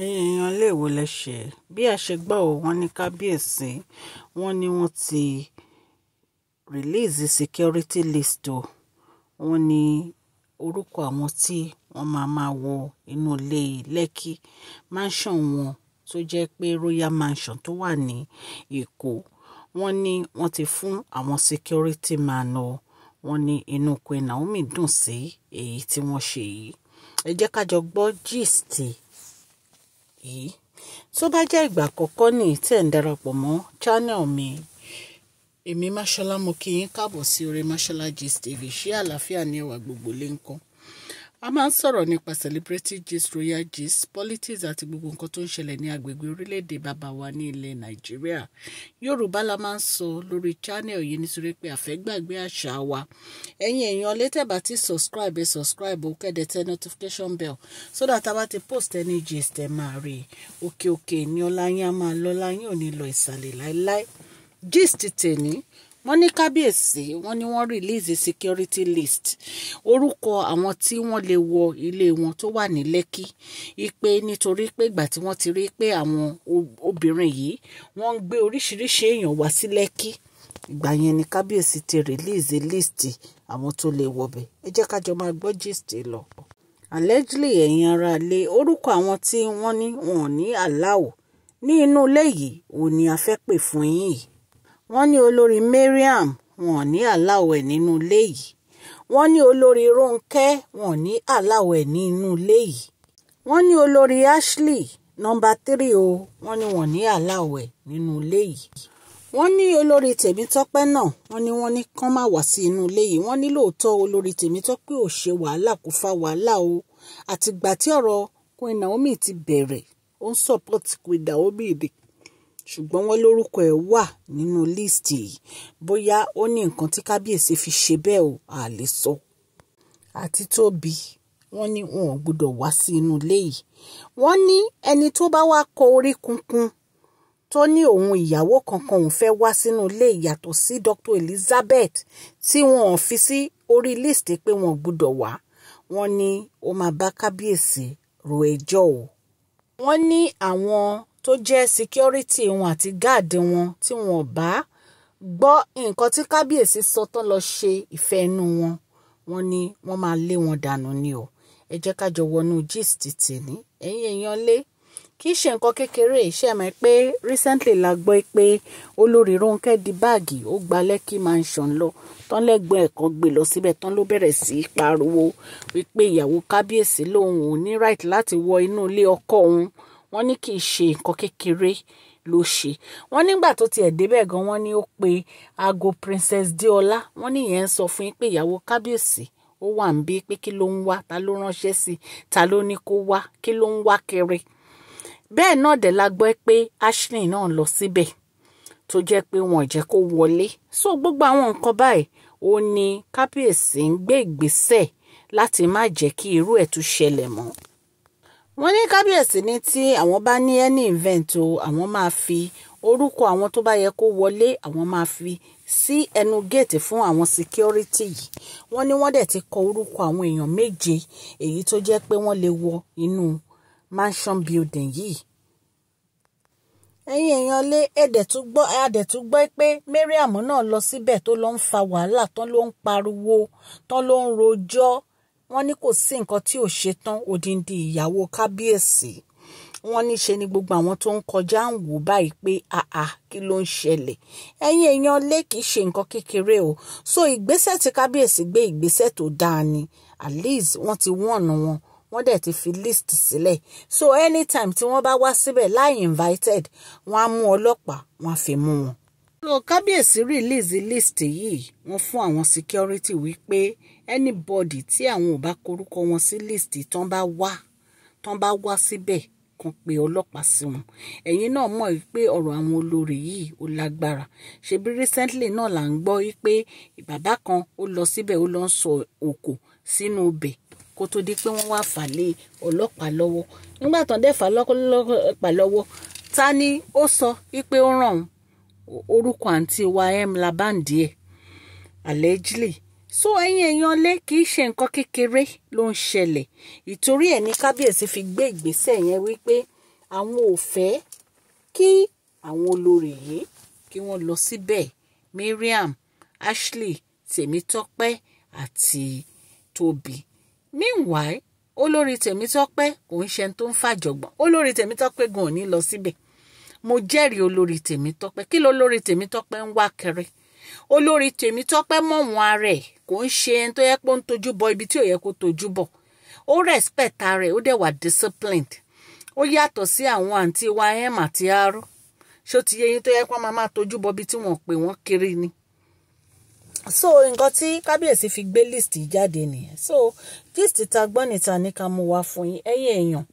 ẹ̀yin èèyàn iléèwé lẹ́sẹ̀ bí a ṣe gbọ́ ò wọ́n ní kábíyèsí wọ́n ní wọ́n ti rìlíìsì security list o wọ́n ní orúkọ àwọn tí wọ́n máa máa wọ inú ilé lẹ́kì mansion wọn tó jẹ́ pé royal mansion tó wà ní èkó wọ́n ní wọ́n ti fún àwọn security man o wọ́n ní inú Queen Naomi dùn sí èyí tí wọ́n ṣe yìí ẹ jẹ́ ká jọ gbọ́ gist yìí tó bá jẹ́ ìgbà àkọ́kọ́ ní tẹ̀ ń darapọ̀ mọ́ channel mi èmi máṣọlá mo kí yín káàbọ̀ sí orí máṣọlá gist tv ṣé àlàáfíà ni ẹwà gbogbo lè a máa ń sọ̀rọ̀ nípa celebrity gist royal gist politics àti gbogbo nǹkan tó ń ṣẹlẹ̀ ní agbègbè orílẹ̀-èdè bàbá wa ní ilẹ̀ nàìjíríà yorùbá la máa ń sọ lórí channel yìí nítorí pé àfẹ́gbàgbé àṣà wa ẹ̀yin èèyàn létẹ̀bà tí subscribe ẹ subscribe ó kẹ́dẹ̀ tẹ notification bell so that a bá ti post ẹni gist ẹ máa rí i òkè òkè ni ọláyín a máa lọ láyín ò lọ ìsàlẹ̀ láéláé gist tèmi wọ́n ní kábíyèsí wọ́n ní wọ́n release security list orúkọ àwọn tí wọ́n lè wọ ilé wọn tó wà ní lẹ́kì ipe nítorí pé ìgbà tí wọ́n ti rí pé àwọn obìnrin yìí wọ́n ń gbé oríṣiríṣi èèyàn wá sí lẹ́kì ìgbà yẹn ni kábíyèsí ti release list àwọn tó lè wọbẹ̀ ẹ jẹ́ ká jọ máa gbọ́ gist lọ. allegedly ẹ̀yin ara lé orúkọ àwọn tí wọ́n ní wọn ò ní aláwọ̀ ní inú ilé yìí òun ni a fẹ́ pè fún yín yìí wọ́n ní olórí mariam wọn ní aláwẹ̀ nínú ilé yìí wọ́n ní olórí Rónkẹ́ wọn ní aláwẹ̀ nínú ilé yìí wọ́n ní olórí Ashley nọ́mbà tírì o wọ́n ní wọn ní aláwẹ̀ nínú ilé yìí wọ́n ní olórí Tèmítọ́pẹ́ náà wọ́n ní wọ́n ní kán má wá sí inú ilé yìí wọ́n ní lóòótọ́ olórí Tèmítọ́pẹ́ ò ṣe wàhálà kó fa wàhálà o àtìgbà tí ọ̀rọ̀ Queen Naomi ti bẹ̀rẹ̀ ó ń support Queen Naomi ni ṣùgbọ́n wọ́n lórúkọ ẹ̀ wà nínú líìsì yìí bóyá ó ní nǹkan tí kábíyèsí fi ṣe bẹ́ẹ̀ o à lè sọ. àti tóbi wọ́n ní wọn ò gbọ́dọ̀ wá sí inú ilé yìí wọ́n ní ẹni tó bá wá kọ orí kunkun tó ní òun ìyàwó kankan òun fẹ́ wá sínú ilé ìyàtọ̀ sí Dr. Elizabeth tí wọn ò fi sí orí líìsì pé wọn ò gbọ́dọ̀ wá wọ́n ní ó máa bá kábíyèsí ro ẹjọ́ o wọ́n ní àwọn tó jẹ́ security wọn àti gáàdì wọn tí wọn ò bá gbọ́ nǹkan tí kábíyèsí sọ tán lọ ṣe ìfẹ́ inú wọn wọn ni wọ́n máa lé wọn dànù ni o ẹ jẹ́ ká jọ wọnú gist tèmi ẹ̀yin èèyàn lé kì í ṣe nǹkan kékeré ṣe mọ̀ pé recently la gbọ́ pé olórí Rónkẹ́ di báàgì ó gba Lẹ́kì mansion lọ tán lẹ́gbọ́n ẹ̀kan gbé lọ síbẹ̀ tán ló bẹ̀rẹ̀ sí í pariwo wípé ìyàwó kábíyèsí lòun ò ní right láti wọ inú ilé ọkọ òun wọ́n ní kì í ṣe nǹkan kékeré ló ṣe wọ́n nígbà tó tiẹ̀ débẹ̀ gan wọ́n ní ó pe aago Princess Deola wọ́n ní ìyẹn ń sọ fún yín pé ìyàwó kábíyèsí ó wà ń bí pé kí ló ń wá ta ló ránṣẹ́ sí ta ló ní kó wá kí ló ń wá kiri bẹ́ẹ̀ náà dẹ̀ la gbọ́ pé Ashley náà lọ síbẹ̀ tó jẹ́ pé wọ́n jẹ́ kó wọlé so gbogbo àwọn nǹkan báyìí ó ní kábíyèsí ń gbé ìgbésẹ̀ láti má jẹ́ kí irú ẹ̀ tún ṣẹlẹ̀ mọ́ wọ́n ní kábíyèsí ní tí àwọn bá ní any event o àwọn máa fi orúkọ àwọn tó bá yẹ kó wọlé àwọn máa fi sí ẹnu géètì fún àwọn security yìí wọ́n ní wọ́n dẹ̀ ti kọ orúkọ àwọn èèyàn méje èyí tó jẹ́ pé wọ́n lè wọ inú mansion building yìí ẹ̀yin èèyàn lé ẹ̀dẹ̀túgbọ́ ẹ̀dẹ̀túgbọ́ pé Mariam náà lọ síbẹ̀ tó lọ ń fa wàhálà tán ló ń pariwo tán ló ń rojọ́ wọ́n ní kò sí nǹkan tí ò ṣe tán odindi ìyàwó kábíyèsí wọ́n ní ṣe ni gbogbo àwọn tó ń kọjá ń wò báyìí pé àà kí ló ń ṣẹlẹ̀ ẹ̀yin èèyàn lé kìí ṣe nǹkan kékeré o so ìgbésẹ̀ tí kábíyèsí gbé ìgbésẹ̀ tó dáa ni at least wọ́n ti wọ̀nà wọn wọ́n dẹ̀ ti fi list sílẹ̀ so anytime tí wọ́n bá wá síbẹ̀ láì invited wọ́n á mú ọlọ́pàá wọ́n á fi mú wọn so kábíyèsí release list yìí wọ́n fún àwọn security wípé anybody tí àwọn ò bá korúkọ wọn sí list tán bá wá tán bá wá síbẹ̀ kan pé ọlọ́pàá sí wọn ẹ̀yin náà mọ̀ pé ọ̀rọ̀ àwọn olórí yìí ó lágbára ṣebí recently náà là ń gbọ́ pé bàbá kan ó lọ síbẹ̀ ó lọ ń sọ òkò sínú ibẹ̀ kó tó di pé wọ́n wá fà lé ọlọ́pàá lọ́wọ́ nígbà tán dẹ̀ lọ́pàá lọ́wọ́ ta ni ó sọ pé ó ràn orúkọ àǹtí wa m labandie allegedly so ẹ̀yin èèyàn lé kì í ṣe nǹkan kékeré ló ń ṣẹlẹ̀ ìtorí ẹ̀ ní kábíyèsí fi gbé ìgbésẹ̀ yẹn wípé àwọn ò fẹ́ kí àwọn olórí yìí kí wọ́n lọ síbẹ̀ Mariam Ashley Tèmítọ́pẹ́ àti Tóbi meanwhile olórí Tèmítọ́pẹ́ kò ń ṣe tó ń fàjọgbọ́n olórí Tèmítọ́pẹ́ gan ò ní lọ síbẹ̀ mo jẹ́rìí olórí tèmítọ́pẹ́ kí ló olórí tèmítọ́pẹ́ ń wá kiri olórí tèmítọ́pẹ́ mọ̀ wọn ara ẹ̀ kò ń ṣe ẹni tó yẹ kó ń tojú bọ ibi tí ò yẹ kó tojú bọ̀ ó respect ara ẹ̀ ó dẹ̀ wà disciplined ó yàtọ̀ sí àwọn àǹtí wa m àti r ṣó ti yẹ yín tó yẹ kó máa máa tojú bọ ibi tí wọ́n pè wọ́n kiri ni so nǹkan tí kábíyèsí fi gbé list jáde nìyẹn so gist ta gbọ́ níta ní ká mú wá fún yín ẹ̀yin èèyàn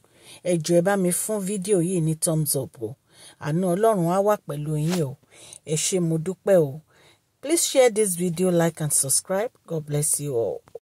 ẹ̀jọ̀ ẹ bá mi fún fídíò yìí ní thumbs up o àánú ọlọ́run á wà pẹ̀lú yín o ẹ ṣé mo dúpẹ́ o please share this video like and subscribe god bless you all.